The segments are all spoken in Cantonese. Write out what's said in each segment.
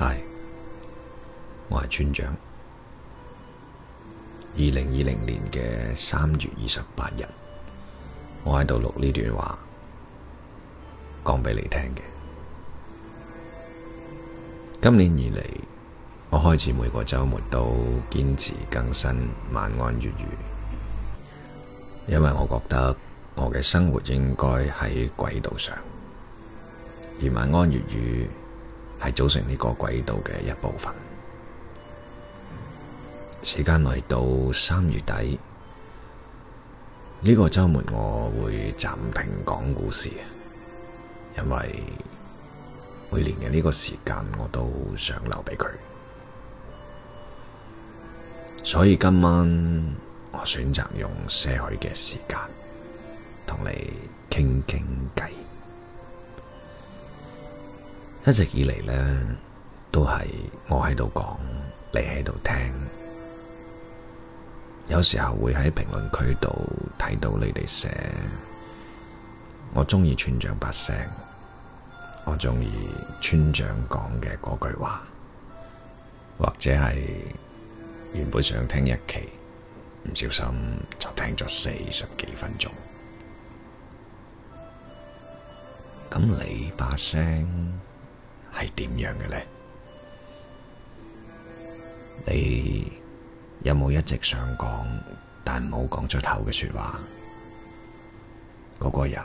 係，Hi, 我係村長。二零二零年嘅三月二十八日，我喺度錄呢段話，講俾你聽嘅。今年以嚟，我開始每個周末都堅持更新晚安粵語，因為我覺得我嘅生活應該喺軌道上，而晚安粵語。係組成呢個軌道嘅一部分。時間嚟到三月底，呢個周末我會暫停講故事，因為每年嘅呢個時間我都想留俾佢，所以今晚我選擇用些許嘅時間同你傾傾偈。一直以嚟咧，都係我喺度講，你喺度聽。有時候會喺評論區度睇到你哋寫，我中意村長把聲，我中意村長講嘅嗰句話，或者係原本想聽一期，唔小心就聽咗四十幾分鐘。咁你把聲？係點樣嘅咧？你有冇一直想講但冇講出口嘅說話？嗰個人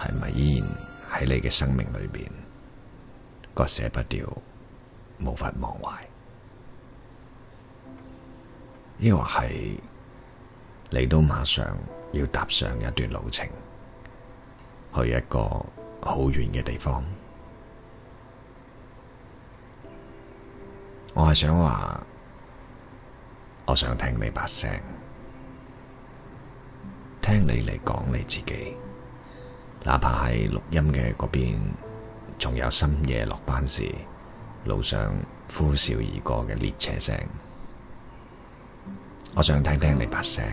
係咪依然喺你嘅生命裏邊割捨不掉，無法忘懷？亦或係你都馬上要踏上一段路程，去一個好遠嘅地方？我係想話，我想聽你把聲，聽你嚟講你自己，哪怕喺錄音嘅嗰邊，仲有深夜落班時路上呼嘯而過嘅列車聲。我想聽聽你把聲，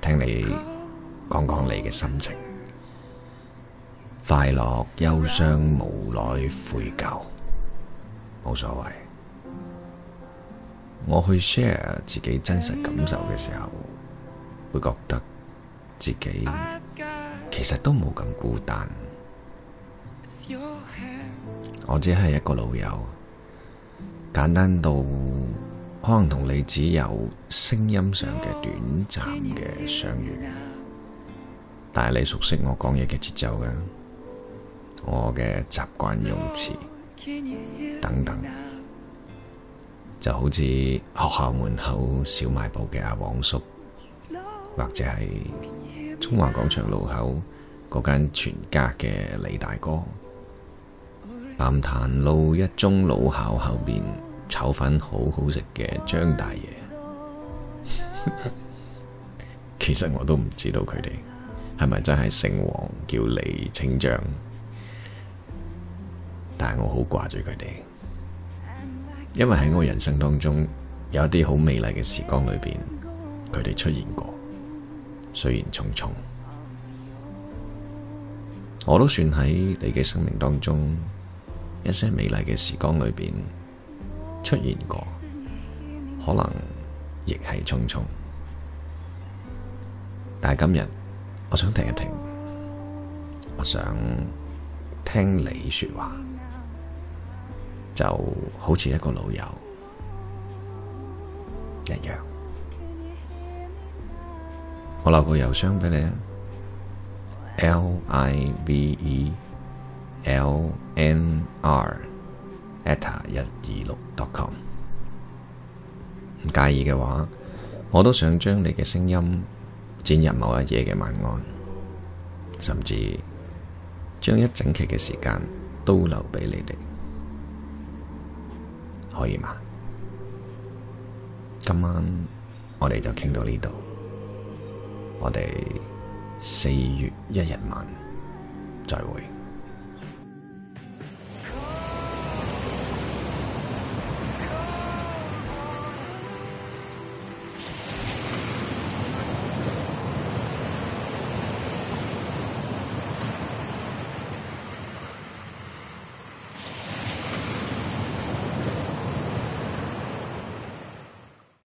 聽你講講你嘅心情，快樂、憂傷、無奈、悔疚。冇所謂，我去 share 自己真實感受嘅時候，會覺得自己其實都冇咁孤單。我只係一個老友，簡單到可能同你只有聲音上嘅短暫嘅相遇，但係你熟悉我講嘢嘅節奏嘅，我嘅習慣用詞。等等，就好似學校門口小賣部嘅阿王叔，或者係中華廣場路口嗰間全家嘅李大哥，南壇路一中老校後面炒粉好好食嘅張大爺， 其實我都唔知道佢哋係咪真係姓王叫李稱張。但係我好掛住佢哋，因為喺我人生當中有一啲好美麗嘅時光裏邊，佢哋出現過，雖然匆匆，我都算喺你嘅生命當中一些美麗嘅時光裏邊出現過，可能亦係匆匆。但係今日我想停一停，我想聽你說話。就好似一個老友一樣，我留個郵箱俾你，啊。l i v e l n r eta 一二六 .com，唔介意嘅話，我都想將你嘅聲音剪入某一夜嘅晚安，甚至將一整期嘅時間都留俾你哋。可以嗎？今晚我哋就傾到呢度，我哋四月一日晚再會。